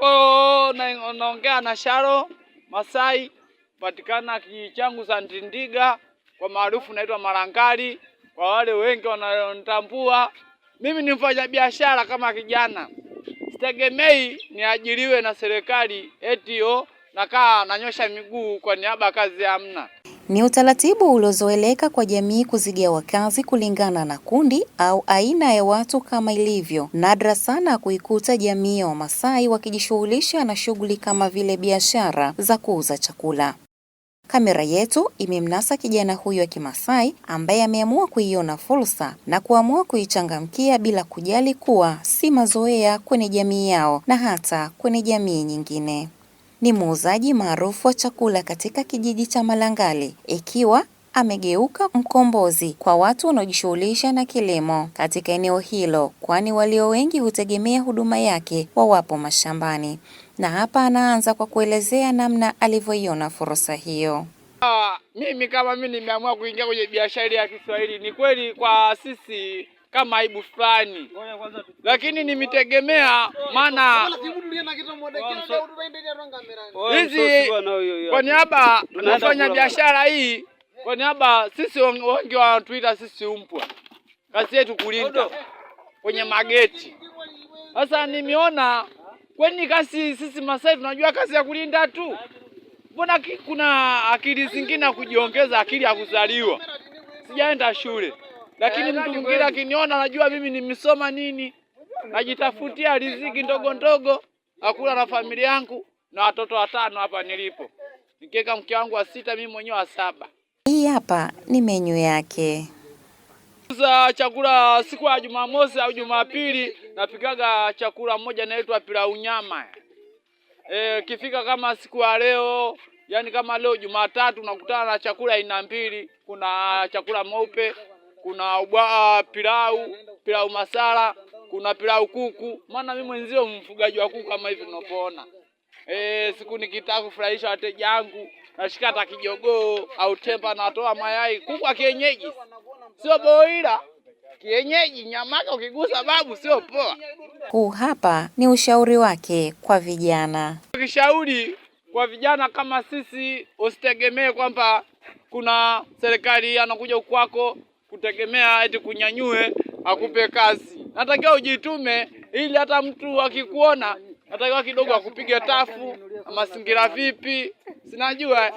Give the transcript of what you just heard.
hapo naongea na Sharo Masai, patikana kijiji changu za Ndindiga, kwa maarufu naitwa marangali kwa wale wengi wanaonitambua. Mimi ni biashara kama kijana, sitegemei niajiriwe na serikali na nakaa nanyosha miguu kwa niaba, kazi hamna. Ni utaratibu uliozoeleka kwa jamii kuzigawa kazi kulingana na kundi au aina ya watu kama ilivyo nadra sana kuikuta jamii ya Wamasai wakijishughulisha na shughuli kama vile biashara za kuuza chakula. Kamera yetu imemnasa kijana huyo wa Kimasai ambaye ameamua kuiona fursa na kuamua kuichangamkia bila kujali kuwa si mazoea kwenye jamii yao na hata kwenye jamii nyingine ni muuzaji maarufu wa chakula katika kijiji cha Malangali ikiwa amegeuka mkombozi kwa watu wanaojishughulisha na kilimo katika eneo hilo, kwani walio wengi hutegemea huduma yake wawapo mashambani. Na hapa anaanza kwa kuelezea namna alivyoiona fursa hiyo. Ah, mimi kama mimi nimeamua kuingia kwenye biashara ya Kiswahili, ni kweli kwa sisi kama aibu fulani, lakini nimitegemea maana hizi kwa niaba nafanya biashara hii kwa niaba. Sisi wengi wanatuita sisi umpwa, kazi yetu kulinda kwenye mageti. Sasa nimeona kweni kazi, sisi Masai tunajua kazi ya kulinda tu, mbona kuna akili zingine kujiongeza akili ya kuzaliwa? Sijaenda shule lakini eh, mtu mwingine akiniona anajua mimi nimesoma nini, najitafutia riziki ndogo ndogo, akula na familia yangu na watoto watano hapa nilipo, nikiweka mke wangu wa sita, mimi mwenyewe wa saba. Hii hapa ni menyu yake za chakula siku ya Jumamosi au Jumapili, napikaga chakula moja inaitwa pilau nyama. E, eh, kifika kama siku ya leo, yani kama leo Jumatatu, nakutana na chakula aina mbili. Kuna chakula mweupe kuna ubwaa ah, pilau, pilau masala, kuna pilau kuku. Maana mimi mwenzio mfugaji wa kuku kama hivi unapoona. Eh, siku nikitaka kufurahisha wateja wangu nashika hata kijogoo au temba, natoa mayai kuku kienyeji, sio boila kienyeji yake ukigusa babu sio poa. Huu hapa ni ushauri wake kwa vijana, ukishauri kwa vijana kama sisi, usitegemee kwamba kuna serikali anakuja kwako kutegemea eti kunyanyue akupe kazi. Natakiwa ujitume, ili hata mtu akikuona natakiwa kidogo akupige tafu, mazingira vipi, sinajua.